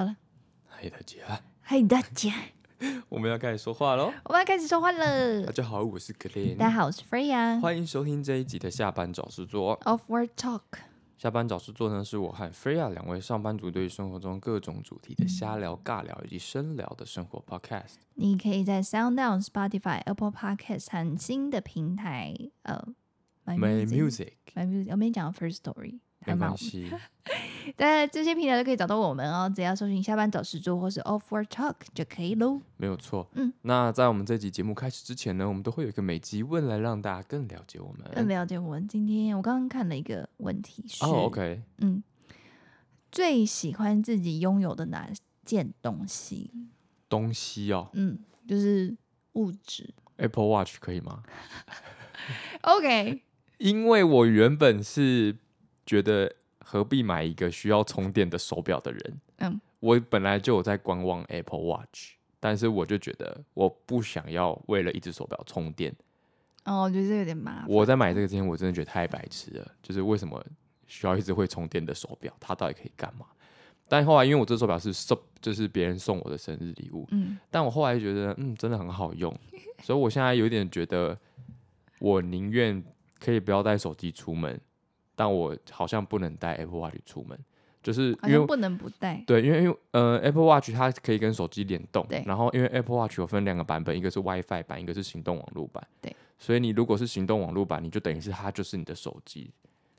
好了，嗨大家，嗨大家， 我們要開始說話嘍！我們要開始說話了。 啊、大家好，我是 Glen。大家好，我是 Freya。歡迎收聽這一集的下班找事做。Off Work Talk。下班找事做呢，是我和 Freya 兩位上班族對於生活中各種主題的瞎聊、尬聊以及深聊的生活 Podcast。嗯、你可以在 SoundOn、Spotify、Apple Podcast 很新的平台呃 My、哦、Music。My Music。我們講到 First Story。沒關係，在 這些平台都可以找到我們哦，只要搜尋“下班找事做”或是 “Off Work Talk” 就可以嘍。沒有錯，嗯。那在我們這集節目開始之前呢，我們都會有一個每集問來讓大家更了解我們，更了解我們。今天我剛剛看了一個問題是，哦、oh,，OK，嗯，最喜歡自己擁有的哪件東西？東西哦，嗯，就是物質。Apple Watch 可以嗎 ？OK，因為我原本是。覺得何必買一個需要充電的手錶的人？嗯，我本來就有在觀望 Apple Watch，但是我就覺得我不想要為了一只手錶充電。哦，我覺得這有點麻煩。我在買這個之前，我真的覺得太白痴了。嗯。就是為什麼需要一只會充電的手錶？它到底可以幹嘛？但後來因為我這手錶是送，就是別人送我的生日禮物。嗯，但我後來覺得，嗯，真的很好用， 所以我現在有點覺得，我寧願可以不要帶手機出門。但我好像不能帶 Apple Watch 出門，就是因為不能不帶。對，因為因為呃，Apple Watch 它可以跟手機聯動。對，然後因為 Apple Watch 有分兩個版本，一個是 WiFi 版，一個是行動網絡版。對，所以你如果是行動網絡版，你就等於是它就是你的手機，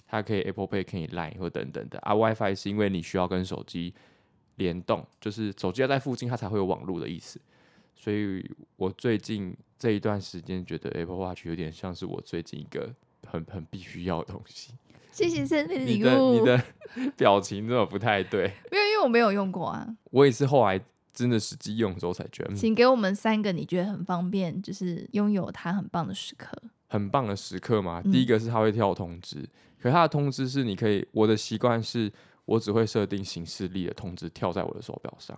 它可以 Apple Pay，可以 Line 或等等的。而、啊、WiFi 是因為你需要跟手機聯動，就是手機要在附近，它才會有網絡的意思。所以我最近這一段時間，覺得 Apple Watch 有點像是我最近一個很很必須要的東西。謝謝生日禮物。你的你的表情真的不太對。 沒有，因為我沒有用過啊。我也是後來真的實際用的時候才覺得、嗯。請給我們三個你覺得很方便，就是擁有它很棒的時刻。很棒的時刻嘛，第一個是它會跳通知。嗯、可它的通知是你可以，我的習慣是我只會設定行事曆的通知跳在我的手表上。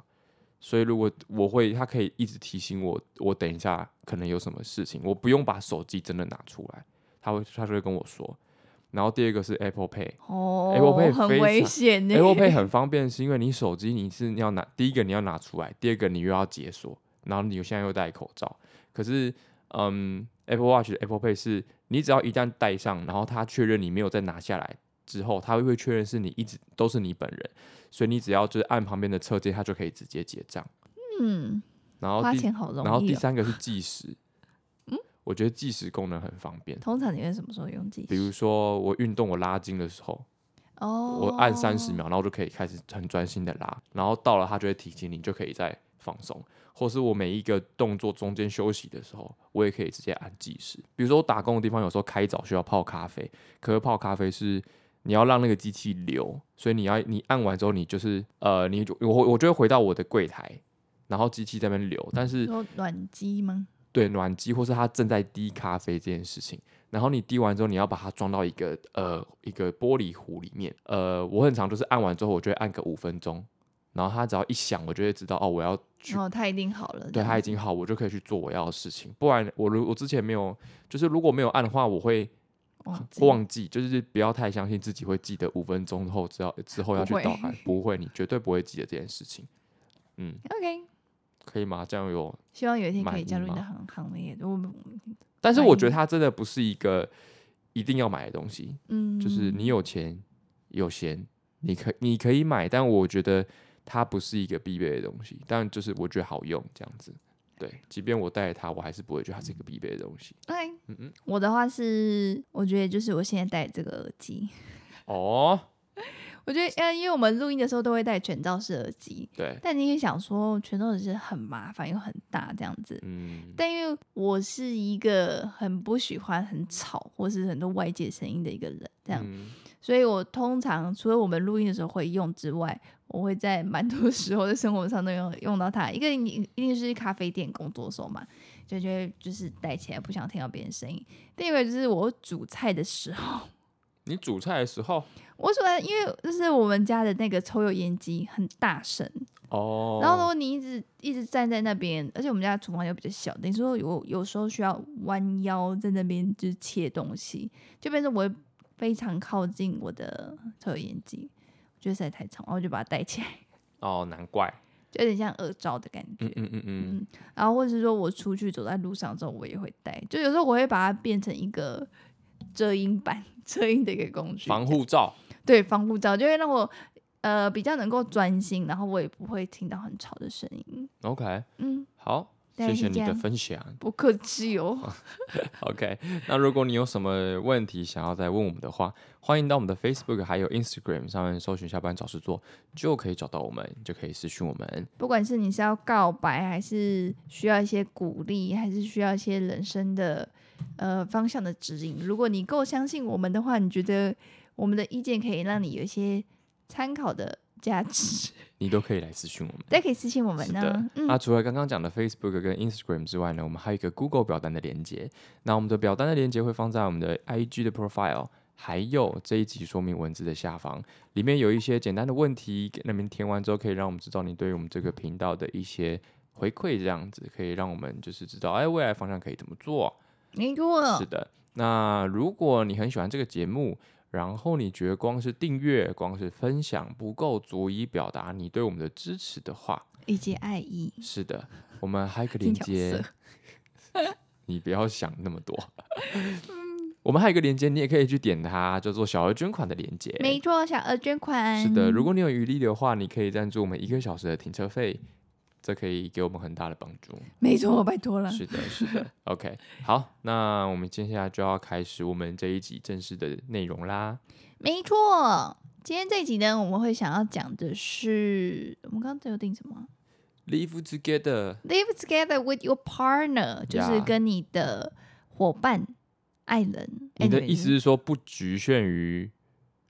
所以如果我會，它可以一直提醒我，我等一下可能有什麼事情，我不用把手機真的拿出來，他會它就會跟我說。然後第二個是 Apple Pay，Apple Pay, Apple Pay、哦、很危險、欸、Apple Pay 很方便，是因為你手機你是要拿，第一個你要拿出來，第二個你又要解鎖，然後你現在又戴口罩。可是，嗯，Apple Watch 的 Apple Pay 是你只要一旦戴上，然後他確認你沒有再拿下來之後，他會確認是你一直都是你本人，所以你只要就是按旁邊的側鍵，他就可以直接結賬。嗯，然後第、花錢好容易哦、然後第三個是計時。我覺得計時功能很方便。通常你會什麼時候用計時？比如說我運動，我拉筋的時候，oh，我按三十秒，然後就可以開始很專心的拉。然後到了他就會提醒你，你就可以再放鬆。或是我每一個動作中間休息的時候，我也可以直接按計時。比如說我打工的地方有時候開早需要泡咖啡，可是泡咖啡是你要讓那個機器流，所以你要你按完之後，你就是呃，你就我我就會回到我的櫃台，然後機器在那邊流。但是有暖機嗎？對，暖機或是它正在滴咖啡這件事情，然後你滴完之後，你要把它裝到一個呃一個玻璃壺裡面。呃，我很常就是按完之後，我就會按個五分鐘，然後它只要一響，我就會知道哦，我要去哦，它已經好了，對，它已經好，我就可以去做我要的事情。不然我如我之前沒有，就是如果沒有按的話，我會忘記，就是不要太相信自己會記得五分鐘之後，只要之後要去倒奶，不會，你絕對不會記得這件事情。嗯，OK。可以嗎？這樣有希望有一天可以加入你的行行我。但是我覺得它真的不是一個一定要買的東西。嗯。就是你有錢有閒，你可你可以買，但我覺得它不是一個必備的東西。但就是我覺得好用，這樣子。對，即便我戴它，我還是不會覺得它是一個必備的東西。對、okay.。嗯嗯。我的話是，我覺得就是我現在戴這個耳機。哦。我覺得，呃，因為我們錄音的時候都會戴全罩式耳機，對。但你也想說，全罩式很麻煩又很大這樣子，嗯，但因為我是一個很不喜歡很吵或是很多外界聲音的一個人，這樣，嗯，所以我通常除了我們錄音的時候會用之外，我會在蠻多的時候在生活上都用用到它。一個你一定是咖啡店工作的時候嘛，就覺得就是戴起來不想聽到別人聲音。第二個就是我煮菜的時候。你煮菜的時候，我煮菜，因為就是我們家的那個抽油煙機很大聲哦，oh. 然後如果你一直一直站在那邊，而且我們家廚房又比較小，等於說有有時候需要彎腰在那邊就是切東西，就變成我會非常靠近我的抽油煙機，我覺得實在太吵，然後我就把它戴起來。哦，oh，難怪，就有點像耳罩的感覺。嗯嗯嗯,嗯,嗯。然後，或是說，我出去走在路上之後，我也會戴，就有時候我會把它變成一個。遮音板，遮音的一個工具，防護罩，對，防護罩就會讓我，呃，比較能夠專心，然後我也不會聽到很吵的聲音。OK，嗯，好，謝謝你的分享，不客氣哦。 OK，那如果你有什麼問題想要再問我們的話，歡迎到我們的 Facebook 還有 Instagram 上面搜尋“下班找事做”，就可以找到我們，就可以私訊我們。不管是你是要告白，還是需要一些鼓勵，還是需要一些人生的。呃，方向的指引。如果你夠相信我們的話，你覺得我們的意見可以讓你有一些參考的價值，嗯，你都可以來私訊我們。大家可以私信我們呢。嗯、那除了剛剛講的 Facebook 跟 Instagram 之外呢，我們還有一個 Google 表單的鏈接。那我們的表單的鏈接會放在我們的 IG 的 profile，還有這一集說明文字的下方。裡面有一些簡單的問題，那您填完之後可以讓我們知道你對於我們這個頻道的一些回饋。這樣子可以讓我們就是知道，哎，未來方向可以怎麼做。沒錯。是的，那如果你很喜歡這個節目，然後你覺得光是訂閱、光是分享不夠，足以表達你對我們的支持的話，以及愛意。是的，我們還有一個連接， 你不要想那麼多。嗯，我們還有一個鏈接，你也可以去點它，叫做小額捐款的鏈接。沒錯，小額捐款。是的，如果你有餘力的話，你可以贊助我們一個小時的停車費。這可以給我們很大的幫助。沒錯，拜託了。是的，是的。 OK，好，那我們接下來就要開始我們這一集正式的內容啦。沒錯，今天這一集呢，我們會想要講的是，我們剛剛有定什麼？Live together，Live together with your partner，Yeah. 就是跟你的夥伴、愛人。你的意思是說不局限於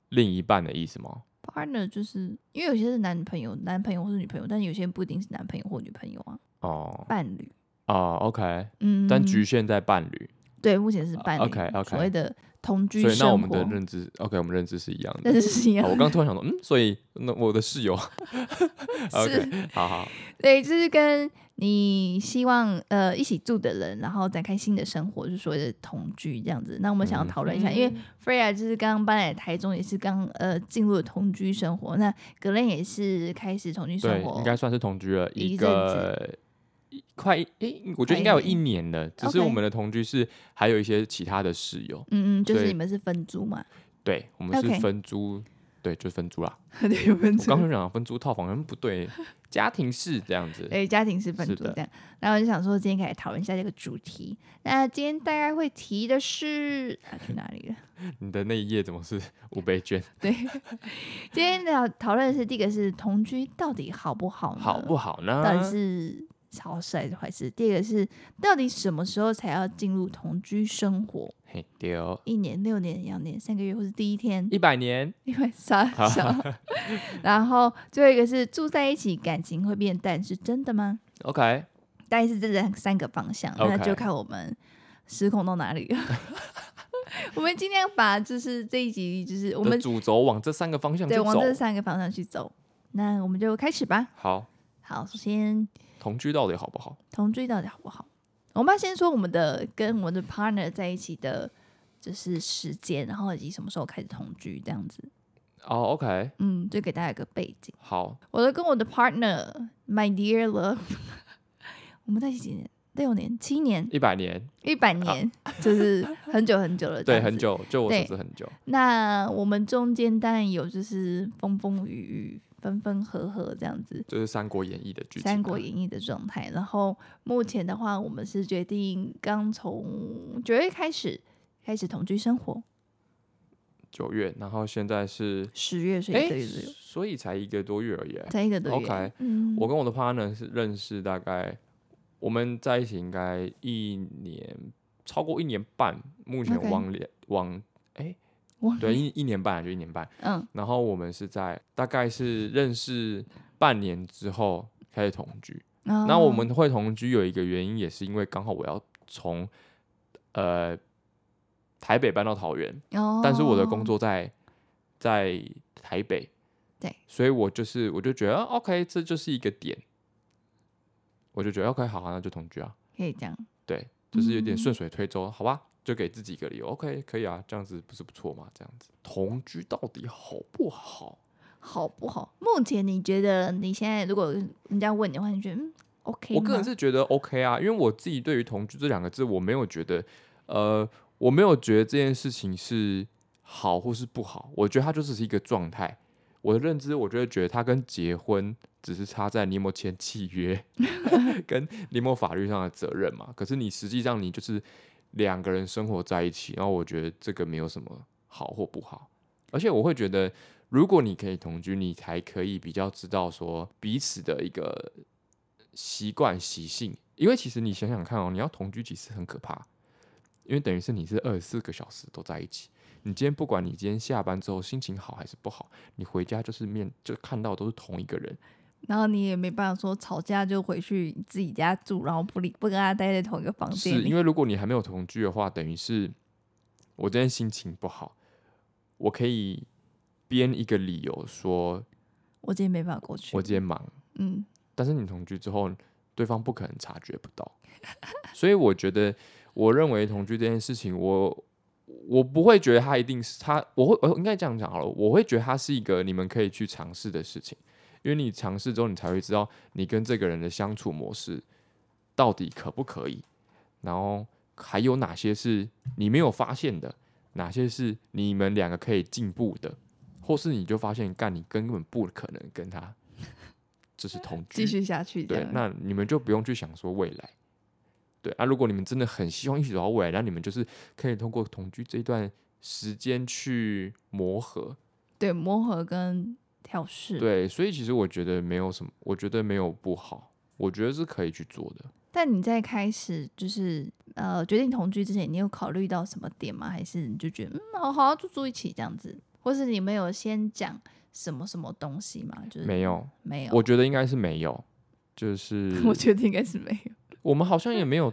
另一半的意思嗎？partner 就是因為有些人是男朋友、男朋友或是女朋友，但有些不一定是男朋友或女朋友啊。哦，oh，伴侶啊，oh，OK，嗯，但局限在伴侶。對，目前是伴侶，OK，OK，okay，okay，所謂的同居生活，所以那我們的認知 ，OK，我們認知是一樣的。認知是一樣。我剛突然想到，嗯，所以那我的室友 ，OK，是好，好好，對，就是跟你希望呃一起住的人，然後展開新的生活，就是所謂的同居這樣子。那我們想要討論一下，嗯、因為 Freja 就是剛搬來台中，也是剛呃進入了同居生活。那 Glen 也是開始同居生活，應該算是同居了，一,一個。快誒、欸，我覺得應該有一年了，只是我們的同居是還有一些其他的室友，okay.，嗯嗯，就是你們是分租嘛？對，我們是分租，okay. 對，就是分租啦。 對，有分租。剛剛想講分租套房，好像不對，家庭式這樣子。對，家庭式分租這樣。然後我就想說今天可以討論一下這個主題。那今天大概會提的是，啊、去哪裡了？ 你的那一頁怎麼是五倍券？對，今天要討論的是這個是同居到底好不好呢？好不好呢？但是。好帥的是壞事？第二個是，到底什麼時候才要進入同居生活？嘿，丟、哦、一年、六年、兩年、三個月，或是第一天，一百年，一百啥啥？然後最後一個是住在一起，感情會變淡，是真的嗎？OK，大概是這三三個方向，okay、那就看我們失控到哪裡。Okay、 我們今天把就是這一集，就是我們主軸往這三個方向走，對，往這三個方向去走。那我們就開始吧。好。好，首先同居到底好不好？同居到底好不好？我們要先說我們的跟我的 partner 在一起的就是時間，然後以及什麼時候開始同居這樣子。哦、oh，OK，嗯，就給大家一個背景。好，我的跟我的 partner my dear love， 我們在一起幾年？六年、七年、一百年、一百年，就是很久很久了。 對，很久，就我認識很久。那我們中間當然有就是風風雨雨。分分合合這樣子，這、就是三的《三國演義》的劇，《三國演義》的狀態。然後目前的話，我們是決定剛從九月開始、嗯、開始同居生活。九月，然後現在是十月，所以、欸、所以才一個多月而已，才一個多月。OK，、嗯、我跟我的 partner 是認識大概，我們在一起應該一年，超過一年半。目前網戀網，哎、okay。欸對，一一年半就一年半，嗯，然後我們是在大概是認識半年之後開始同居，那、哦、我們會同居有一個原因，也是因為剛好我要從呃台北搬到桃園、哦，但是我的工作在在台北，對，所以我就是我就覺得、啊、OK，這就是一個點，我就覺得 OK，好好、啊、那就同居啊，可以這樣，對，就是有點順水推舟，嗯、好吧。就給自己一個理由，OK，可以啊，這樣子不是不錯嘛。這樣子同居到底好不好？好不好？目前你覺得你現在如果人家問你的話，你覺得 OK？我個人是覺得 OK 啊，因為我自己對於同居這兩個字，我沒有覺得，呃，我沒有覺得這件事情是好或是不好，我覺得它就是一個狀態。我的認知，我覺得覺得它跟結婚只是差在你有沒有簽契約， 跟你有沒有法律上的責任嘛。可是你實際上你就是。兩個人生活在一起，然後我覺得這個沒有什麼好或不好，而且我會覺得，如果你可以同居，你才可以比較知道說彼此的一個習慣習性，因為其實你想想看哦，你要同居其實很可怕，因為等於是你是二十四個小時都在一起，你今天不管你今天下班之後心情好還是不好，你回家就是面就看到都是同一個人。然後你也沒辦法說吵架就回去自己家住，然後不理，不跟他待在同一個房間。是因為如果你還沒有同居的話，等於是我今天心情不好，我可以編一個理由說，我今天沒辦法過去。我今天忙。嗯。但是你同居之後，對方不可能察覺不到， 所以我覺得，我認為同居這件事情，我我不會覺得他一定是他，我會我應該這樣講好了，我會覺得它是一個你們可以去嘗試的事情。因為你嘗試之後，你才會知道你跟這個人的相處模式到底可不可以，然後還有哪些是你沒有發現的，哪些是你們兩個可以進步的，或是你就發現幹你根本不可能跟他，這是同居繼續下去對，那你們就不用去想說未來。對啊，如果你們真的很希望一起走到未來，那你們就是可以通過同居這段時間去磨合對，對磨合跟。調試對，所以其實我覺得沒有什麼，我覺得沒有不好，我覺得是可以去做的。但你在開始就是呃決定同居之前，你有考慮到什麼點嗎？還是你就覺得嗯好好，好就住一起這樣子？或是你沒有先講什麼什麼東西嗎？就是沒有沒有，我覺得應該是沒有，就是 我覺得應該是沒有。我們好像也沒有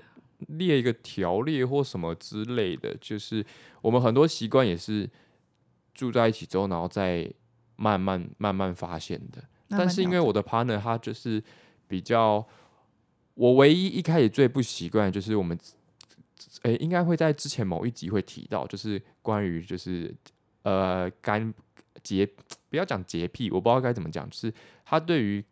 列一個條例或什麼之類的，就是我們很多習慣也是住在一起之後，然後再。慢慢慢慢發現的，慢慢但是因為我的 partner 他就是比較，我唯一一開始最不習慣就是我們，誒、欸，應該會在之前某一集會提到，就是關於就是呃乾潔，不要講潔癖，我不知道該怎麼講，就是他對於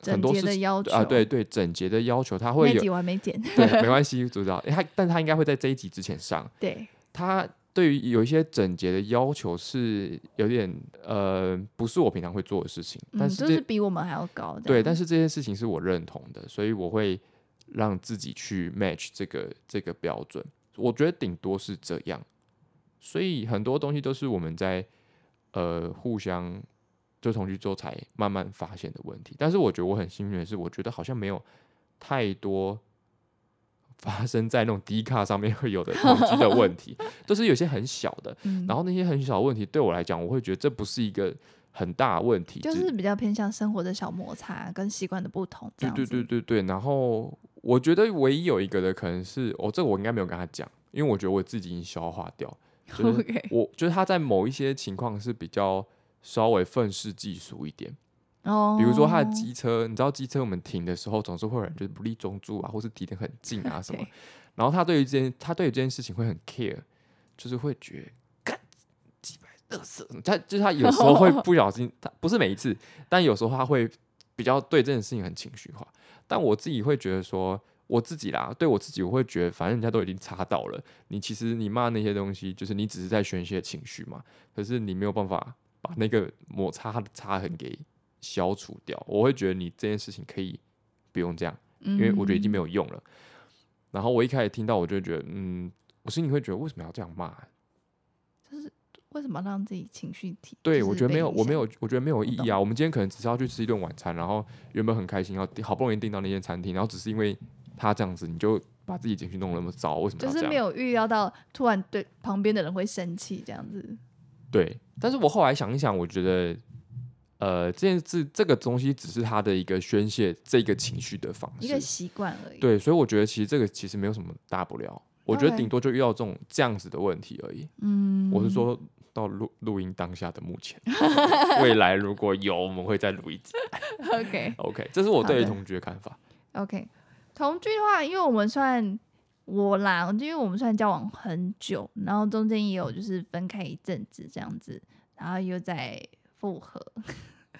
很多事情要求啊，對對，整潔的要求，啊、要求他會有對，沒關係，不 知道他，但他應該會在這一集之前上，對他。對於有一些整潔的要求是有點呃，不是我平常會做的事情，嗯、但是，是比我們還要高。對，對，但是這些事情是我認同的，所以我會讓自己去 match 這個這個標準。我覺得頂多是這樣，所以很多東西都是我們在呃互相就同居之後才慢慢發現的問題。但是我覺得我很幸運的是，我覺得好像沒有太多。發生在那種 D 卡上面會有的東西的問題，都 是有些很小的。 然後那些很小的問題對我來講，我會覺得這不是一個很大的問題，就是比較偏向生活的小摩擦跟習慣的不同。對對對對對。然後我覺得唯一有一個的可能是，哦，這個我應該沒有跟他講，因為我覺得我自己已經消化掉。就是、OK。我就是他在某一些情況是比較稍微憤世嫉俗一點。比如說他的機車，oh. 你知道機車我們停的時候總是會有人就是不立中柱啊，或是停的很近啊什麼。Okay. 然後他對於這件他對於這件事情會很 care，就是會覺得，幹，雞百二瑟，他就是他有時候會不小心，oh. 他不是每一次，但有時候他會比較對這件事情很情緒化。但我自己會覺得說，我自己啦，對我自己我會覺得，反正人家都已經查到了，你其實你罵那些東西，就是你只是在宣泄情緒嘛。可是你沒有辦法把那個摩擦的擦痕給。消除掉，我會覺得你這件事情可以不用這樣，因為我覺得已經沒有用了。嗯、然後我一開始聽到，我就覺得，嗯，我心裡會覺得為什麼要這樣罵、啊？就是為什麼要讓自己情緒提？對我覺得沒有，我沒有，我覺得沒有意義啊。哦、我們今天可能只是要去吃一頓晚餐，然後原本很開心，然後好不容易訂到那間餐廳，然後只是因為他這樣子，你就把自己情緒弄得那麼糟，為什麼？就是沒有預料到突然對旁邊的人會生氣這樣子。對，但是我後來想一想，我覺得。呃，這件事這個東西只是他的一個宣洩這個情緒的方式，一個習慣而已。對，所以我覺得其實這個其實沒有什麼大不了，Okay. 我覺得頂多就遇到這種這樣子的問題而已。嗯，我是說到錄錄音當下的目前， 未來如果有我們會再錄一次。 OK OK，這是我對於同居的看法的。OK，同居的話，因為我們算我啦，因為我們算交往很久，然後中間也有就是分開一陣子這樣子，然後又在，復合，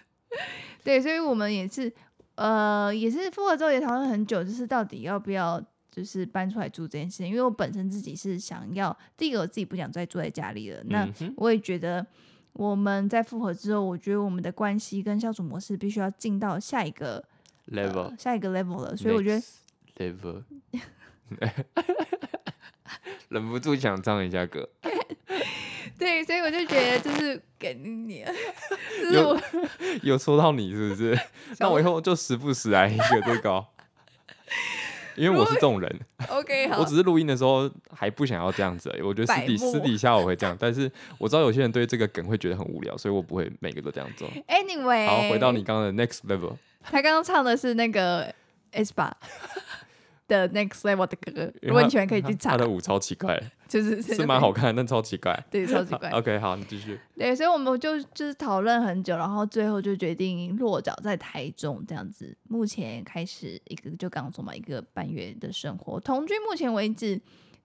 對，所以我們也是，呃，也是復合之後也討論很久，就是到底要不要就是搬出來住這件事。因為我本身自己是想要，第一個我自己不想再住在家裡了。那我也覺得我們在復合之後，我覺得我們的關係跟相處模式必須要進到下一個 level，呃，下一個 level 了。所以我覺得，Next level， 忍不住想唱一下歌，哥 對，所以我就覺得就是給你，有有說到你是不是？那我以後就時不時來一個高，因為我是這種人。OK，好，我只是錄音的時候還不想要這樣子而已，我覺得私底私底下我會這樣，但是我知道有些人對這個梗會覺得很無聊，所以我不會每個都這樣做。Anyway，好，回到你剛剛的 Next Level，他剛剛唱的是那個 S 八。的 Next Level 的歌，完全可以去唱。他的舞超奇怪，就是是蠻好看， 但超奇怪，對，超奇怪。 OK，好，你繼續。對，所以我們就就是討論很久，然後最後就決定落腳在台中這樣子。目前開始一個，就剛剛說嘛，一個半月的生活同居。目前為止，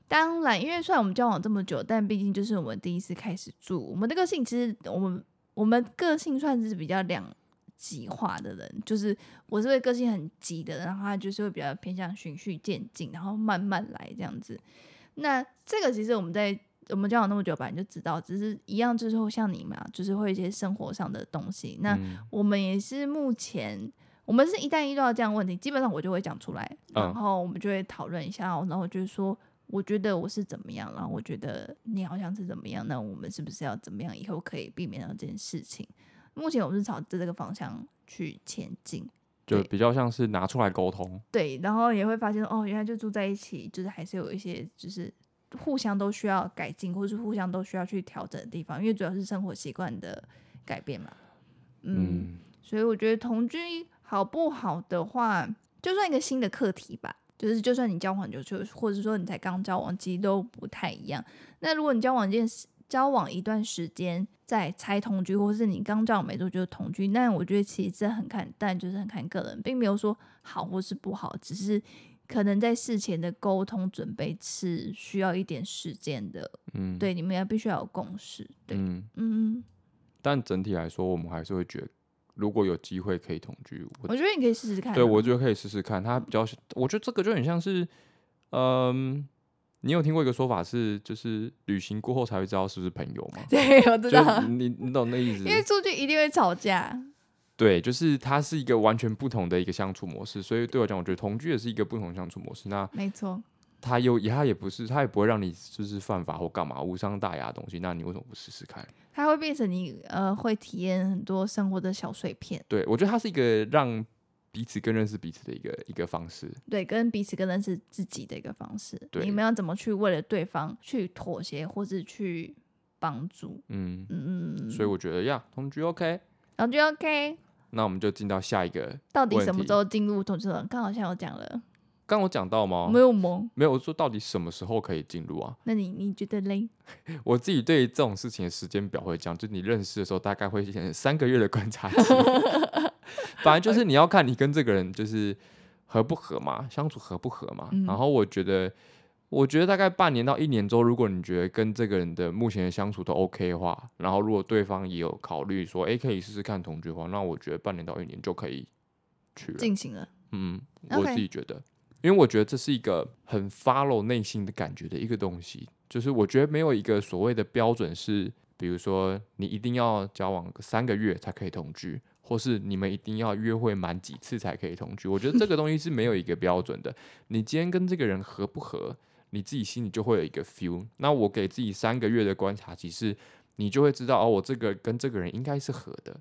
當然，因為雖然我們交往這麼久，但畢竟就是我們第一次開始住。我們這個性其實，我們我們個性算是比較兩。急化的人，就是我是會個性很急的人，然後他就是會比較偏向循序漸進，然後慢慢來這樣子。那這個其實我們在我們交往那麼久吧，你就知道，只是一樣就是會像你嘛，就是會一些生活上的東西。嗯、那我們也是目前我們是一旦遇到這樣的問題，基本上我就會講出來，然後我們就會討論一下，嗯、然後就是說我覺得我是怎麼樣，然後我覺得你好像是怎麼樣，那我們是不是要怎麼樣以後可以避免到這件事情？目前我們是朝着這個方向去前進，就比較像是拿出來溝通，對，然後也會發現哦，原來就住在一起，就是還是有一些就是互相都需要改進，或者是互相都需要去調整的地方，因為主要是生活習慣的改變嘛嗯。嗯，所以我覺得同居好不好的話，就算一個新的課題吧，就是就算你交往久，就或者是說你才剛交往，其實都不太一樣。那如果你交往一件交往一段時間。在猜同居，或是你剛交往沒多久就同居，但我覺得其實這很看，但就是很看個人，並沒有說好或是不好，只是可能在事前的溝通準備是需要一點時間的。嗯，對，你們要必須要有共識。對，嗯嗯。但整體來說，我們還是會覺得，如果有機會可以同居，我，我覺得你可以試試看。對、啊、我覺得可以試試看，它比較、嗯，我覺得這個就很像是，嗯、呃。你有聽過一個說法是，就是旅行過後才會知道是不是朋友嗎？對，我知道。你你懂那意思？ 因為出去一定會吵架。對，就是它是一個完全不同的一個相處模式，所以對我講，我覺得同居也是一個不同的相處模式。那沒錯，它又它也不是，它也不會讓你就是犯法或幹嘛無傷大雅的東西。那你為什麼不試試看？它會變成你呃，會體驗很多生活的小碎片。對，我覺得它是一個讓。彼此更認識彼此的一個一個方式，對，跟彼此更認識自己的一個方式。對，你們要怎麼去為了對方去妥協，或是去幫助？嗯嗯，所以我覺得呀，同居 OK，同居 OK。那我們就進到下一個。到底什麼時候進入同居呢？剛好像有講了。剛我講到嗎？沒有嗎？沒有。我說到底什麼時候可以進入啊？那你你覺得嘞？ 我自己對於這種事情的時間表會講，就你認識的時候，大概會先三個月的觀察 反 正就是你要看你跟這個人就是合不合嘛，相處合不合嘛。嗯、然後我覺得，我覺得大概半年到一年之後，如果你覺得跟這個人的目前的相處都 OK 的話，然後如果對方也有考慮說，哎、欸，可以試試看同居的話，那我覺得半年到一年就可以去進行了。嗯，我自己覺得、okay，因為我覺得這是一個很 follow 內心的感覺的一個東西，就是我覺得沒有一個所謂的標準是。比如說，你一定要交往三個月才可以同居，或是你們一定要約會滿幾次才可以同居？我覺得這個東西是沒有一個標準的。你今天跟這個人合不合，你自己心裡就會有一個 feel。那我給自己三個月的觀察是，其實你就會知道哦，我這個跟這個人應該是合的。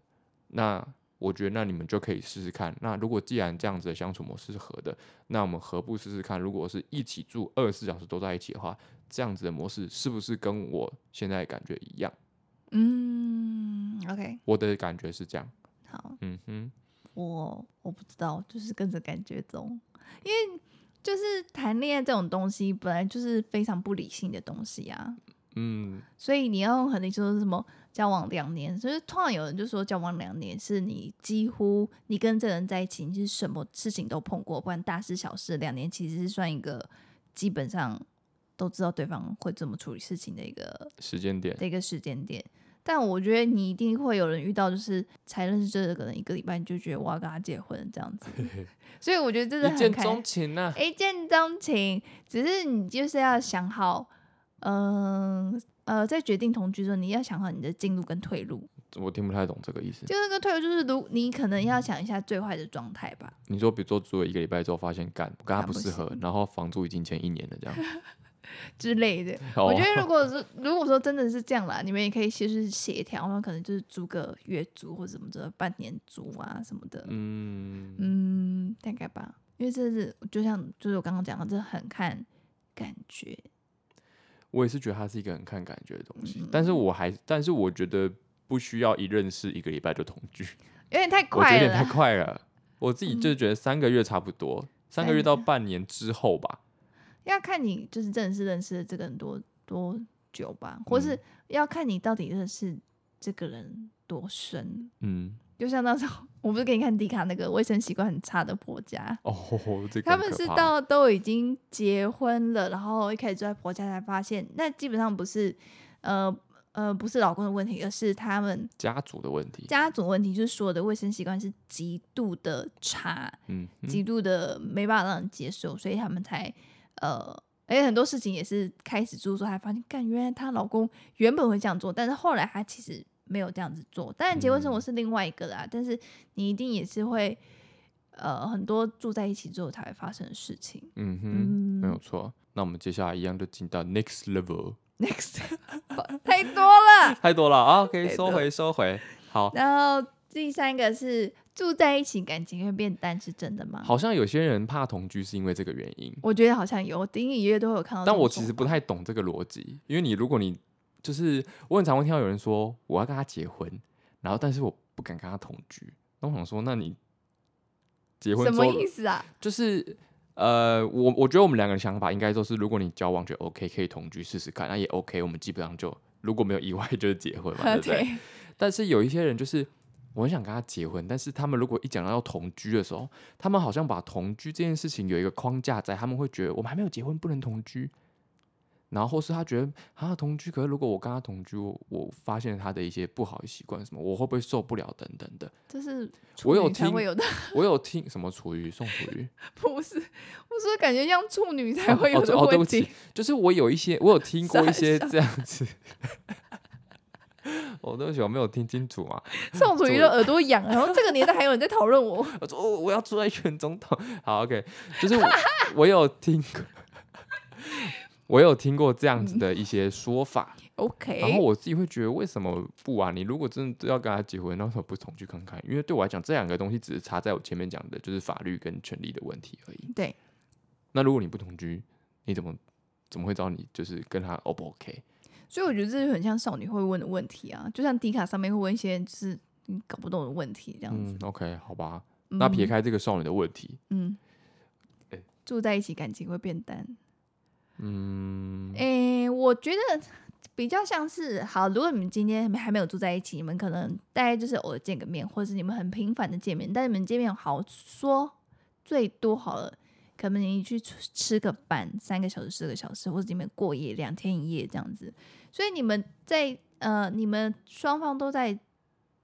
那我覺得，那你們就可以試試看。那如果既然這樣子的相處模式是合的，那我們何不試試看？如果是一起住二十四小時都在一起的話，這樣子的模式是不是跟我現在感覺一樣？嗯，OK，我的感覺是這樣。好，嗯哼，我我不知道，就是跟着感覺走，因為就是談戀愛這種東西本來就是非常不理性的東西呀、啊。嗯，所以你要和你說什麼交往兩年，就是突然有人就說交往兩年是你幾乎你跟這人在一起，你是什麼事情都碰過，不管大事小事，兩年其實是算一個基本上都知道對方會怎麼處理事情的一個時間點，一、這個時間點。但我覺得你一定會有人遇到，就是才認識這個人，一個禮拜，你就覺得我要跟他結婚這樣子。 所以我覺得真的很重。一見鍾情啊、一見鍾情。只是你就是要想好，嗯呃，呃，在決定同居的時候，你要想好你的進度跟退路。我聽不太懂這個意思。就那個退路，就是如你可能要想一下最壞的狀態吧。你說，比如說租了一個禮拜之後，發現幹跟他不適合、啊不，然後房租已經簽一年了，這樣。 之類的，哦、我覺得如果是如果說真的是這樣啦，你們也可以先去協調，然後可能就是租個月租或者怎麼着，半年租啊什麼的。嗯嗯，大概吧，因為這是就像就是我剛剛講的，這很看感覺。我也是覺得它是一個很看感覺的東西，嗯、但是我還但是我覺得不需要一認識一個禮拜就同居，有點太快，有點太快了，我太快了。嗯、我自己就覺得三個月差不多，嗯、三個月到半年之後吧。哎要看你就是正式是認識，認識這個人多多久吧，或是要看你到底認識這個人多深。嗯，就像那時候我不是給你看迪卡那個衛生習慣很差的婆家哦、這個，他們是到都已經結婚了，然後一開始住在婆家才發現，那基本上不是呃呃不是老公的問題，而是他們家族的問題。家族的問題就是說的衛生習慣是極度的差，嗯，極、嗯、度的沒辦法讓人接受，所以他們才。呃，而且很多事情也是開始住之後，還發現，幹，原來她老公原本會這樣做，但是後來他其實沒有這樣子做。當然，結婚生活是另外一個啦、嗯，但是你一定也是會，呃，很多住在一起之後才會發生的事情。嗯哼嗯，沒有錯。那我們接下來一樣就進到 next level，next 太多了， 太多了啊！okay, 可以收回，收回。好，然後第三個是，住在一起，感情會變淡，是真的嗎？好像有些人怕同居，是因為這個原因。我覺得好像有，我隱隱約約都有看到。但我其實不太懂這個邏輯，因為你如果你就是，我很常會聽到有人說，我要跟他結婚，然後但是我不敢跟他同居。那我想說，那你結婚什麼意思啊？就是呃，我我覺得我們兩個人想法應該都是，如果你交往覺得 OK，可以同居試試看，那也 OK。我們基本上就如果沒有意外，就是結婚嘛，對不對？但是有一些人就是。我很想跟他結婚，但是他們如果一講到要同居的時候，他們好像把同居這件事情有一個框架在，他們會覺得我們還沒有結婚不能同居，然後或是他覺得他、啊、同居，可是如果我跟他同居，我發現他的一些不好的習慣，什麼我會不會受不了等等的。就是有我有聽我有聽什麼處女送處女，不是，我是感覺像處女才會有的問題、哦哦哦。就是我有一些，我有聽過一些這樣子。我都說我沒有聽清楚啊，宋祖英的耳朵癢、啊， 然後這個年代還有人在討論我。 我說哦，我要住在全中頭。好，OK，就是我 我有聽過， 我有聽過這樣子的一些說法、嗯。OK，然後我自己會覺得為什麼不啊？你如果真的要跟他結婚，那為什麼不同居看看？因為對我來講，這兩個東西只是差在我前面講的，就是法律跟權利的問題而已。對。那如果你不同居，你怎麼怎麼會知道你就是跟他 O 不 OK？所以我覺得這就很像少女會問的問題啊，就像迪卡上面會問一些就是你搞不懂的問題這樣子。嗯、OK，好吧、嗯，那撇開這個少女的問題，嗯，住在一起感情會變淡。嗯，誒、欸，我覺得比較像是，好，如果你們今天還沒有住在一起，你們可能大概就是偶爾見個面，或者是你們很頻繁的見面，但是你們見面好說，最多好了。可能你去吃個飯，三個小時、四個小時，或者你們過夜兩天一夜這樣子。所以你們在呃，你們雙方都在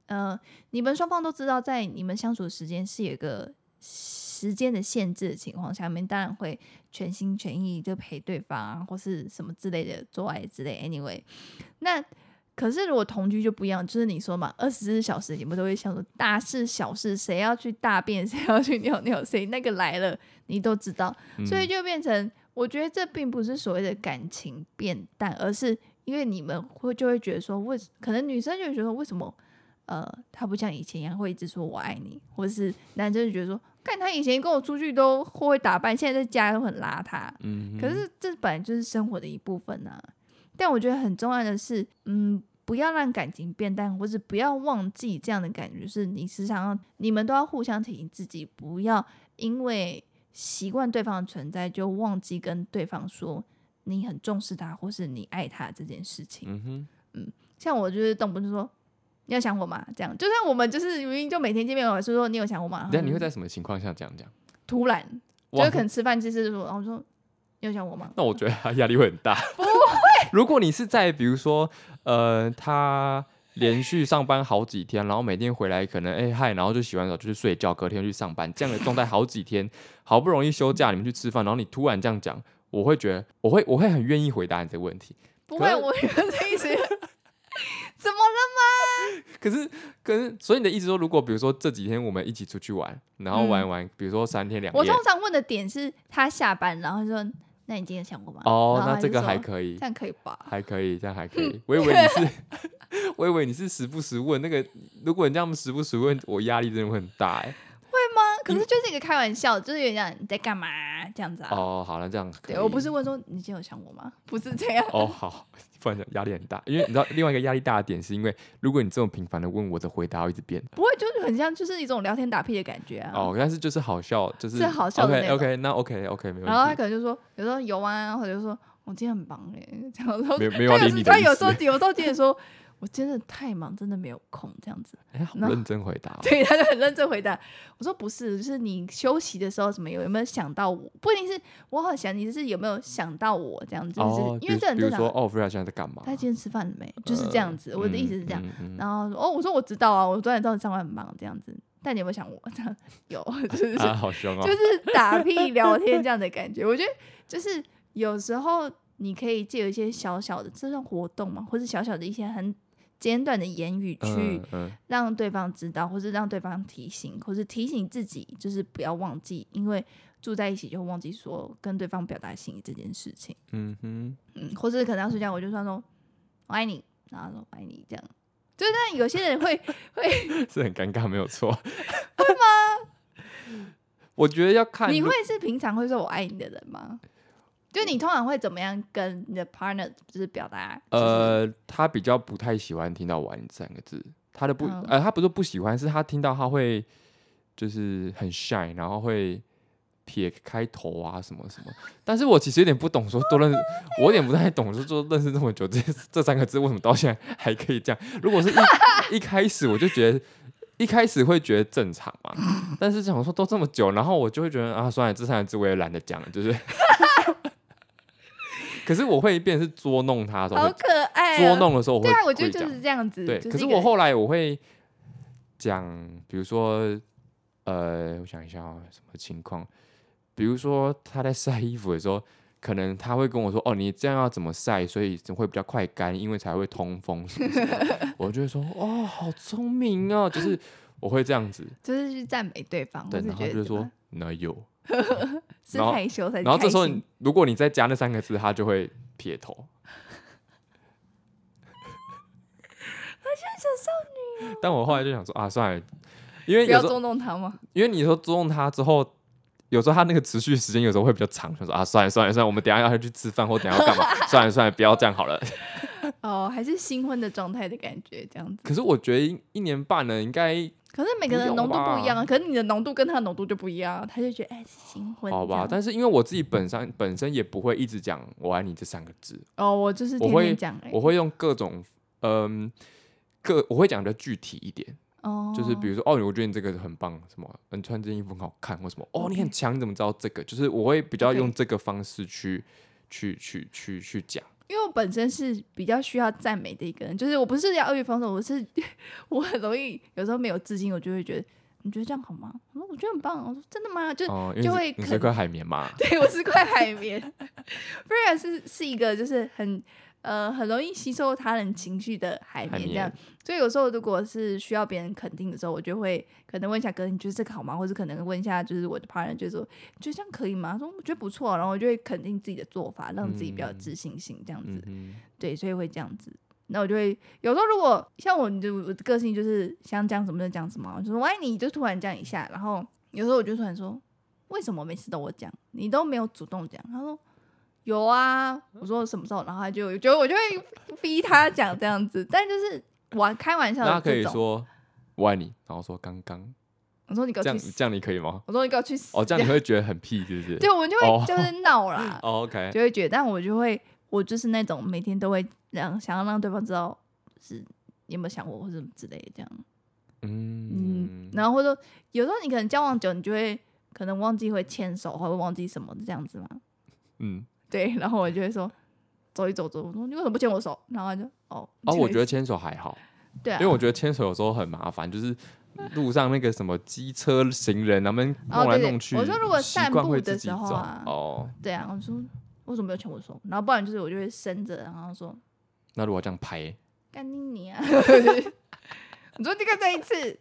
呃，你們雙方都知道，在你們相處的時間是有個時間的限制的情況下面，你們當然會全心全意就陪對方啊，或是什麼之類的做愛之類。Anyway，那。可是如果同居就不一樣，就是你說嘛，二十四小時你們都會想說大事小事，誰要去大便，誰要去尿尿，誰那個來了，你都知道。嗯，所以就變成，我覺得這並不是所謂的感情變淡，而是因為你們會就會覺得說，為可能女生就會覺得說為什麼，呃，她不像以前一樣會一直說我愛你，或是男生就覺得說，看她以前跟我出去都會打扮，現在在家都很邋遢。嗯，可是這本來就是生活的一部分呢、啊。但我覺得很重要的是，嗯，不要讓感情變淡，或是不要忘記這樣的感覺。是你時常，你們都要互相提醒自己，不要因為習慣對方的存在就忘記跟對方說你很重視他，或是你愛他這件事情。嗯哼，嗯，像我就是動不動說“你有想我嗎？”這樣，就像我們就是因為就每天見面我是說你有想我嗎？但你會在什麼情況下講講這樣這樣？突然，就是、可能吃飯、就是我。然後說。要像我嗎？那我覺得他壓力會很大。 不會。 如果你是在比如說，呃，他連續上班好幾天，然後每天回來可能，哎、欸、嗨，然後就洗完澡就去睡覺，隔天去上班，這樣的狀態好幾天， 好不容易休假，你們去吃飯，然後你突然這樣講，我會覺得，我會，我會很願意回答你這個問題。不會，我也是，怎麼了嗎？可是，可是，所以你的意思說，如果比如說這幾天我們一起出去玩，然後玩一玩、嗯，比如說三天兩天，我通常問的點是他下班，然後說。那你今天想過嗎？哦、oh，那這個還可以，這樣可以吧？還可以，這樣還可以。我以為你是， 我以為你是時不時問那個，如果你這樣時不時問，我壓力真的會很大欸。可是就是一個開玩笑，就是有點像你在幹嘛、啊、這樣子啊？哦，好了，這樣。對，我不是問說你今天有想我嗎？不是這樣。哦，好，不然壓力很大，因為你知道 另外一個壓力大的點是因為如果你這麼頻繁的問我的回答，會一直變，不會就是很像就是一種聊天打屁的感覺啊。哦，但是就是好笑，就是，是好笑的。OK OK 那 OK OK，沒問題。然後他可能就說，有時候有啊，或者說我今天很棒哎，這沒有，沒有，有他有時候有，有時候說。 我真的太忙，真的沒有空這樣子。很、欸、好認真回答、啊。對，他就很認真回答。我說不是，就是你休息的時候，什麼有有沒有想到我，不一定是我好想你，就是有沒有想到我這樣子、就是？是、哦、因為這很正常。比如說，哦，Freja 現在在幹嘛？他今天吃飯了沒、呃？就是這樣子。我的意思是這樣。嗯嗯嗯、然後哦，我說我知道啊，我昨天知道你上班很忙這樣子，但你有沒有想我？這 樣有，就是、啊、好凶啊，就是打屁聊天這樣的感覺。 我覺得就是有時候你可以借由一些小小的這種活動嘛，或者小小的一些很。簡短的言語去讓對方知道、嗯嗯，或是讓對方提醒，或是提醒自己，就是不要忘記，因為住在一起就忘記說跟對方表達心意這件事情。嗯哼，嗯，或是可能要是這樣，我就算說，說“我愛你”，然後說“愛你”這樣，就是有些人會 會是很尷尬，沒有錯，會 對嗎？ 我覺得要看你會是平常會說我愛你的人嗎？就你通常會怎麼樣跟你的 partner 就是表達？呃，他比較不太喜歡聽到“玩”三個字，他的不、oh. 呃，他不是不喜歡，是他聽到他會就是很 shy，然後會撇開頭啊什麼什麼。但是我其實有點不懂說都，說都認識，我有點不太懂，說認識這麼久，這這三個字為什麼到現在還可以這樣？如果是一 一開始我就覺得一開始會覺得正常嘛，但是想說都這麼久，然後我就會覺得啊，算了，這三個字我也懶得講，就是。 可是我會變成捉弄他，好可愛。捉弄的時候，對啊，我覺得就是這樣子。對，可是我後來我會講，比如說，呃，我想一下啊，什麼情況？比如說他在曬衣服的時候，可能他會跟我說：“哦，你這樣要怎麼曬，所以會比較快乾，因為才會通風。”是不是？我就會說：“哦，好聰明啊！”就是我會這樣子，就是去讚美對方。對，然後就是說：“哪有。” 是才然後，然後這時候，如果你再加那三個字，他就會撇頭。還 是小少女、啊。但我後來就想說啊，算了，因為你要捉弄他嗎？因為你說捉弄他之後，有時候他那個持續時間有時候會比較長。想說啊，算了算了算了，算了，我們等下要去吃飯或等下要幹嘛？ 算了算了，不要這樣好了。哦，還是新婚的狀態的感覺這樣子。可是我覺得一年半了，應該。可是每個人的濃度不一樣啊，可是你的濃度跟他的濃度就不一樣，他就覺得哎，新婚。好吧，但是因為我自己本身本身也不會一直講“我愛你”這三個字哦，我就是天天我會講，我會用各種嗯、呃，各我會講得具體一點哦，就是比如說哦，你我覺得你這個很棒，什麼嗯，你穿這件衣服很好看，或什麼哦，okay. 你很強，你怎麼知道這個？就是我會比較用這個方式去、okay. 去去去去講。因為我本身是比較需要讚美的一個人，就是我不是要惡意諷刺，我是我很容易有時候沒有自信，我就會覺得，你覺得這樣好嗎？我說我覺得很棒，我說真的嗎？就、哦、就會是，你是一塊海綿嗎？對，我是塊海綿，不 然， 是是一個就是很。呃，很容易吸收他人情緒的海綿這樣，所以有時候如果是需要別人肯定的時候，我就會可能問一下哥，你覺得這個好嗎？或者可能問一下，就是我的 partner 就是說，就這樣可以嗎？他說我覺得不錯，然後我就會肯定自己的做法，讓自己比較自信心。這樣子、嗯。對，所以會這樣子。嗯嗯、那我就會有時候如果像我，就我的個性就是想講什麼就講什麼，我就說我愛你，你就突然講一下，然後有時候我就突然說，為什麼每次都我講，你都沒有主動講？他說。有啊，我說我什麼時候，然後他就覺得我就會逼他講這樣子，但就是玩開玩笑他可以說“我愛你”，然後說剛剛，我說你我這樣這樣你可以嗎？我說你給我去死哦，這樣你會覺得很屁，是不是？ 對，我就會、哦、就是鬧啦。哦、OK，就會覺但我就會，我就是那種每天都會讓想要讓對方知道是你有沒有想我或者什麼之類的這樣。嗯，嗯，然後或者有時候你可能交往久，你就會可能忘記會牽手，或者忘記什麼這樣子嘛。嗯。對，然後我就會說走一走走，我說你為什麼不牽我手？然後我就哦，啊、哦，我覺得牽手還好，對、啊，因為我覺得牽手有時候很麻煩，就是路上那個什麼機車行人他們，弄 來、哦、弄去。我說如果散步的時候啊，哦，對啊，我說我為什麼沒有牽我手？然後不然就是我就會伸着，然後說那如果這樣拍，幹你你啊， 你說你看這一次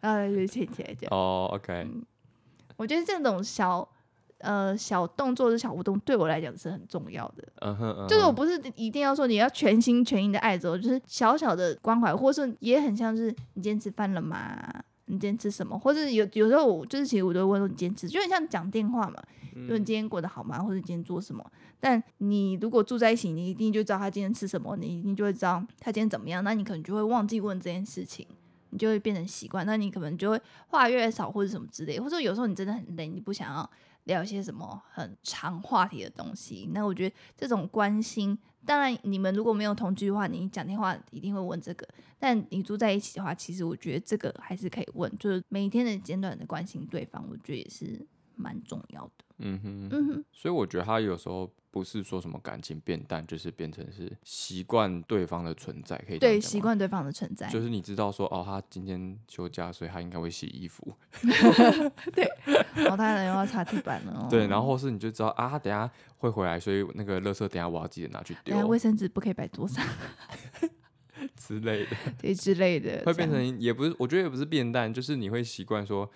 啊， 然後就牽起來哦、oh,，OK，、嗯、我覺得這種小。呃，小動作的小互動對我來講是很重要的。Uh -huh, uh -huh. 就是我不是一定要說你要全心全意的愛着我，就是小小的關懷，或是也很像是你今天吃飯了嗎？你今天吃什麼？或者有有時候我，我就是其實我都會問說你今天吃，就很像講電話嘛。就是，你今天過得好嗎？嗯，或者今天做什麼？但你如果住在一起，你一定就知道他今天吃什麼，你一定就會知道他今天怎麼樣。那你可能就會忘記問這件事情，你就會變成習慣。那你可能就會話越來越少或者什麼之類，或者有時候你真的很累，你不想要。聊一些什麼很長話題的東西，那我覺得這種關心，當然你們如果沒有同居的話，你講電話一定會問這個，但你住在一起的話，其實我覺得這個還是可以問，就是每天的簡短的關心對方，我覺得也是蠻重要的。嗯哼，嗯哼，所以我覺得他有時候。不是說什麼感情變淡，就是變成是習慣對方的存在，可以對習慣對方的存在，就是你知道說哦，他今天休假，所以他應該會洗衣服， 我 對，然、哦、後他可能又要擦地板了，哦，對，然後或是你就知道啊，他等下會回來，所以那個垃圾等下我要記得拿去丟，衛生紙不可以擺桌上之類的，對，之類的會變成也不是，我覺得也不是變淡，就是你會習慣說。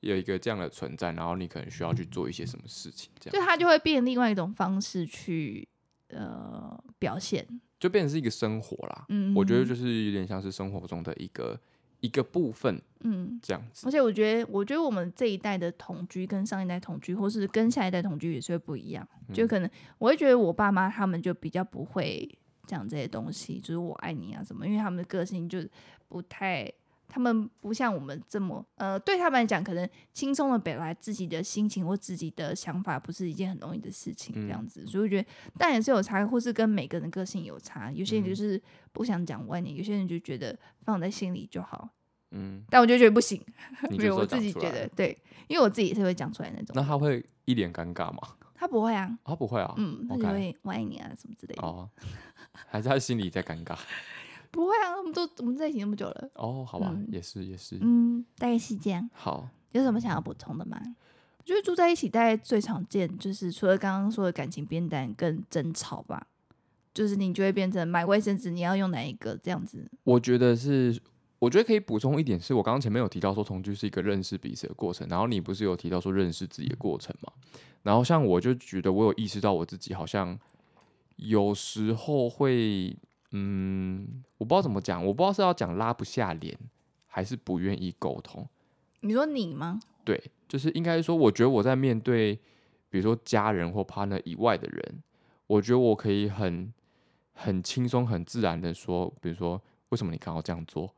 有一個這樣的存在，然後你可能需要去做一些什麼事情，這樣就他就會變另外一種方式去呃表現，就變成是一個生活啦。嗯，我覺得就是有點像是生活中的一個一個部分，嗯，這樣子。而且，嗯，okay, 我覺得，我覺得我們這一代的同居跟上一代同居，或是跟下一代同居也是會不一樣，嗯。就可能我會覺得我爸媽他們就比較不會講這些東西，就是我愛你啊什麼，因為他們的個性就不太。他們不像我們這麼，呃，對他們來講，可能輕鬆的表達自己的心情或自己的想法不是一件很容易的事情，這樣子，嗯，所以我覺得，但也是有差，或是跟每個人的個性有差。有些人就是不想講我愛你，有些人就覺得放在心裡就好。嗯，但我就覺得不行，因為我自己覺得，對，因為我自己也是會講出來那種。那他會一臉尷尬嗎？他不會啊，他不會啊，嗯，他就是會我愛你啊什麼之類的。哦，還是他心裡在尷尬。不會啊，我們都我們在一起那麼久了哦，好吧，嗯、也是也是，嗯，大概是這樣。好，有什麼想要補充的嗎？就是住在一起，大概最常見就是除了剛剛說的感情變淡跟爭吵吧，就是你就會變成買衛生紙你要用哪一個這樣子。我覺得是，我覺得可以補充一點，是我剛剛前面有提到說同居是一個認識彼此的過程，然後你不是有提到說認識自己的過程嘛，然後像我就覺得我有意識到我自己好像有時候會。嗯，我不知道怎麼講，我不知道是要講拉不下臉，還是不願意溝通。你說你嗎？對，就是應該說，我覺得我在面對，比如說家人或 partner 以外的人，我覺得我可以很很輕鬆、很自然的說，比如說為什麼你剛好這樣做，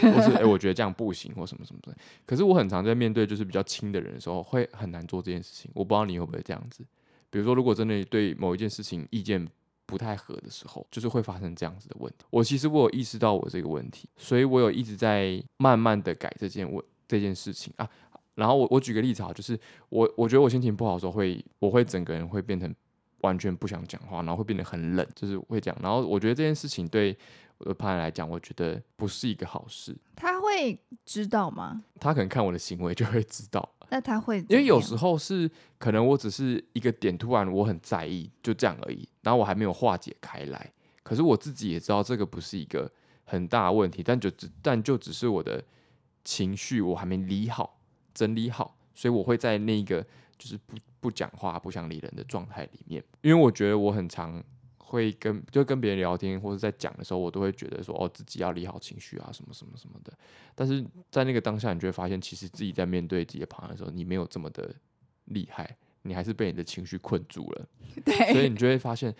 或 是哎、欸，我覺得這樣不行，或什麼什麼的。可是我很常在面對就是比較親的人的時候，會很難做這件事情。我不知道你會不會這樣子。比如說，如果真的對某一件事情意見。不太合的時候，就是會發生這樣子的問題。我其實我有意識到我這個問題，所以我有一直在慢慢的改這件問這件事情啊。然後我我舉個例子啊，就是我我覺得我心情不好的時候會，我會整個人會變成完全不想講話，然後會變得很冷，就是會講。然後我覺得這件事情對我的 partner 來講，我覺得不是一個好事。他會知道嗎？他可能看我的行為就會知道。那他會，因為有時候是可能我只是一個點，突然我很在意，就這樣而已。然後我還沒有化解開來，可是我自己也知道這個不是一個很大的問題，但就但就只是我的情緒我還沒理好、整理好，所以我會在那個就是不不講話、不想理人的狀態裡面，因為我覺得我很常。會跟就跟別人聊天，或者在講的時候，我都會覺得說哦，自己要理好情緒啊，什麼什麼什麼的。但是在那個當下，你就會發現，其實自己在面對自己的旁人的時候，你沒有這麼的厲害，你還是被你的情緒困住了對。所以你就會發現，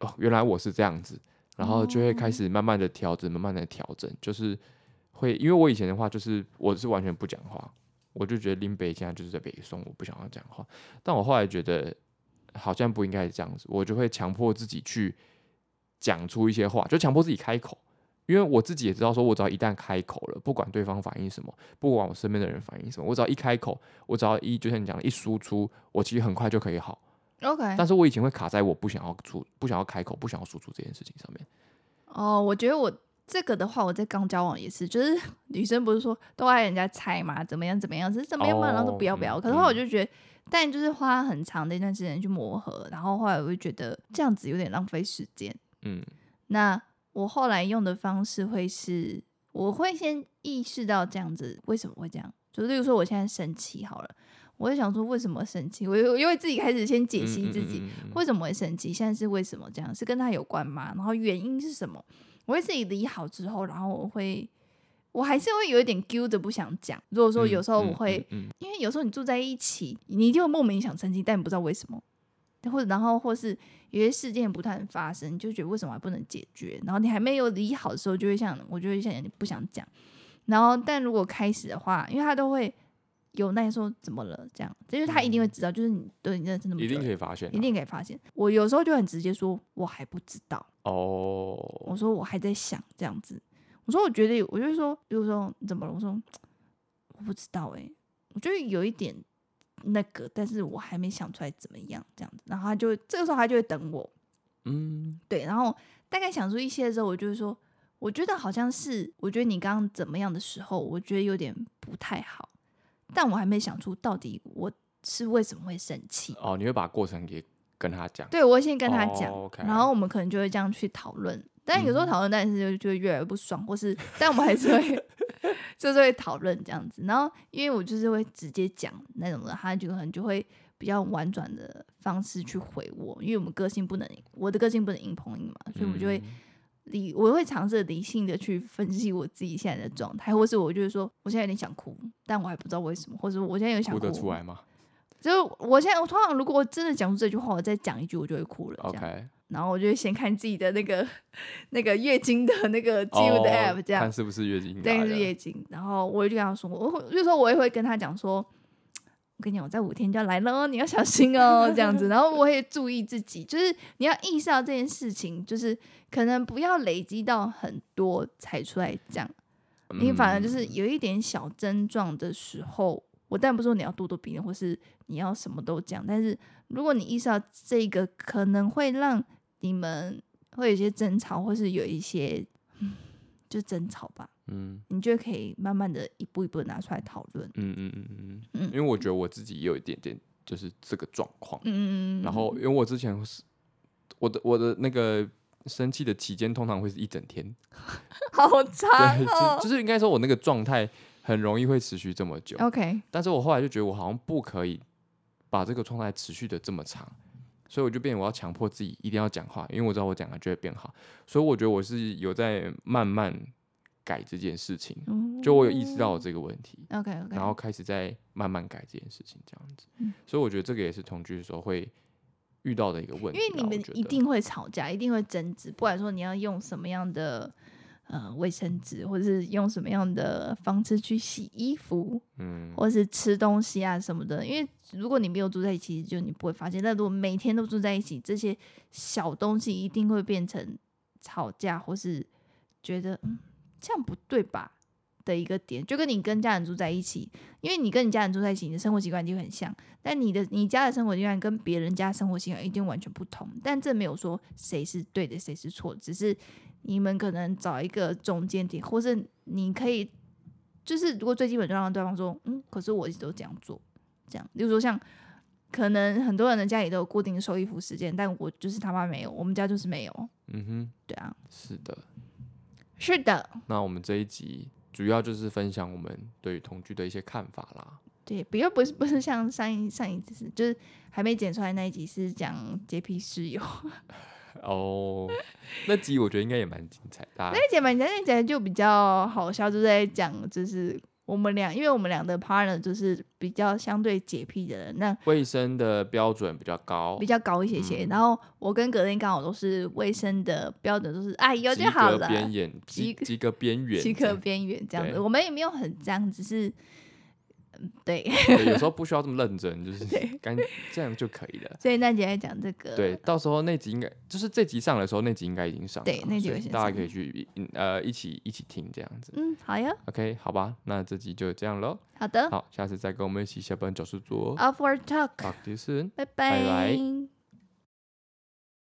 哦，原來我是這樣子，然後就會開始慢慢的調整，嗯、慢慢的調整，就是會因為我以前的話，就是我是完全不講話，我就覺得林北現在就是在北誦，我不想要講話。但我後來覺得。好像不應該這樣子，我就會強迫自己去講出一些話，就強迫自己開口，因為我自己也知道，說我只要一旦開口了，不管對方反應什麼，不管我身邊的人反應什麼，我只要一開口，我只要一就像你講的，一輸出，我其實很快就可以好。OK。但是我以前會卡在我不想要出、不想要開口、不想要輸出這件事情上面。哦、oh，我覺得我這個的話，我在剛交往也是，就是女生不是說都愛人家猜嘛，怎麼樣怎麼樣，是怎麼樣嘛，oh, 然後都不要不要，嗯、可是我就覺得。嗯但就是花很長的一段時間去磨合，然後後來我就覺得這樣子有點浪費時間。嗯，那我後來用的方式會是，我會先意識到這樣子為什麼會這樣，就例如說我現在生氣好了，我就想說為什麼生氣，我又會自己開始先解析自己為什麼會生氣，現在是為什麼這樣，是跟他有關嗎？然後原因是什麼？我會自己理好之後，然後我會。我還是會有一點丟的，不想講。如果說有時候我會、嗯嗯嗯嗯，因為有時候你住在一起，你就莫名想生氣，但你不知道為什麼。或者然後或是有些事件不太發生，你就覺得為什麼還不能解決？然後你還沒有理好的時候，就會想我就會想，想你不想講。然後但如果開始的話，因為他都會有那些說怎麼了這樣，因為他一定會知道，嗯、就是你對你真的真的。一定可以發現、啊。一定可以發現。我有時候就很直接說，我還不知道哦。我說我還在想這樣子。我說，我覺得，我就說，比如說，怎麼了？我說，我不知道哎、欸，我覺得有一點那個，但是我還沒想出來怎麼樣這樣子。然後他就這個時候，他就會等我。嗯，對。然後大概想出一些的時候，我就會說，我覺得好像是，我覺得你剛剛怎麼樣的時候，我覺得有點不太好，但我還沒想出到底我是為什麼會生氣。哦，你會把過程給跟他講？對，我先跟他講，哦，okay。然後我們可能就會這樣去討論。但有時候討論，但是就就越來越不爽，嗯，或是，但我們還是會 就是會討論這樣子。然後，因為我就是會直接講那種的，他就可能就會比較婉轉的方式去回我。因為我們個性不能，我的個性不能硬碰硬嘛，所以我就會理，嗯、我會嘗試理性的去分析我自己現在的狀態，或是我就是說，我現在有點想哭，但我還不知道為什麼，或是我現在有想哭，哭得出來嗎？就是我現在，我通常如果我真的講出這句話，我再講一句，我就會哭了。OK。然後我就會先看自己的那個那個月經的那個記錄的 app，這樣、哦、看是不是月經？對，是月經。然後我就跟他說，我就說我也會跟他講說，我跟你講，我再五天就要來了，你要小心哦， 這樣子。然後我也注意自己，就是你要意識到這件事情，就是可能不要累積到很多才出來講，嗯、因為反正就是有一點小症狀的時候，我當然不是說你要咄咄逼人或是你要什麼都講，但是如果你意識到這個可能會讓。你們會有一些爭吵，或是有一些、嗯、就爭吵吧。嗯，你就可以慢慢的一步一步的拿出來討論。嗯嗯嗯嗯，嗯。因為我覺得我自己也有一點點就是這個狀況。嗯嗯嗯。然後因為我之前是我的我的那個生氣的期間，通常會是一整天。好差、哦 就是、就是應該說，我那個狀態很容易會持續這麼久。OK。但是我後來就覺得，我好像不可以把這個狀態持續的這麼長。所以我就變，我要強迫自己一定要講話，因為我知道我講了就會變好。所以我覺得我是有在慢慢改這件事情，嗯、就我有意識到這個問題 OK，OK，然後開始在慢慢改這件事情，這樣子、嗯。所以我覺得這個也是同居的時候會遇到的一個問題，因為你們一定會吵架，一定會爭執，不管說你要用什麼樣的。呃，衛生紙或者是用什麼樣的方式去洗衣服，嗯，或是吃東西啊什麼的，因為如果你沒有住在一起，就你不會發現，那如果每天都住在一起，這些小東西一定會變成吵架，或是覺得，嗯，這樣不對吧？的一個點，就跟你跟家人住在一起，因為你跟你家人住在一起，你的生活習慣就很像。但你的你家的生活習慣跟別人家生活習慣一定完全不同。但這沒有說誰是對的，誰是錯，只是你們可能找一個中間點，或是你可以就是如果最基本就讓對方說，嗯，可是我一直都這樣做，這樣。例如說像，像可能很多人的家裡都有固定的收衣服時間，但我就是他媽沒有，我們家就是沒有。嗯哼，對啊，是的，是的。那我們這一集。主要就是分享我們對同居的一些看法啦。對，比較，不是不是像上一上一集是，就是還沒剪出來那一集是講潔癖室友。哦， 那集我覺得應該也蠻精彩的 那一。那集蠻精彩，那集就比較好笑，就是在講就是。我們倆，因為我們倆的 partner 就是比較相對潔癖的人，那衛生的標準比較高，比較高一些些。嗯、然後我跟 Glen 剛好都是衛生的標準都、就是哎有就好了，邊緣，幾幾個邊緣，幾個，幾個邊緣這樣子，我們也沒有很髒，嗯、只是。對， 對，有時候不需要這麼認真，就是乾這樣就可以了。 所以那集在講這個。對，到時候那集應該就是這集上的時候，那集應該已經上了。對，那集大家可以去呃一起一起聽這樣子。嗯，好呀。OK，好吧，那這集就這樣嘍。好的。好，下次再跟我們一起下班教室坐。Off Work Talk。好，拜拜。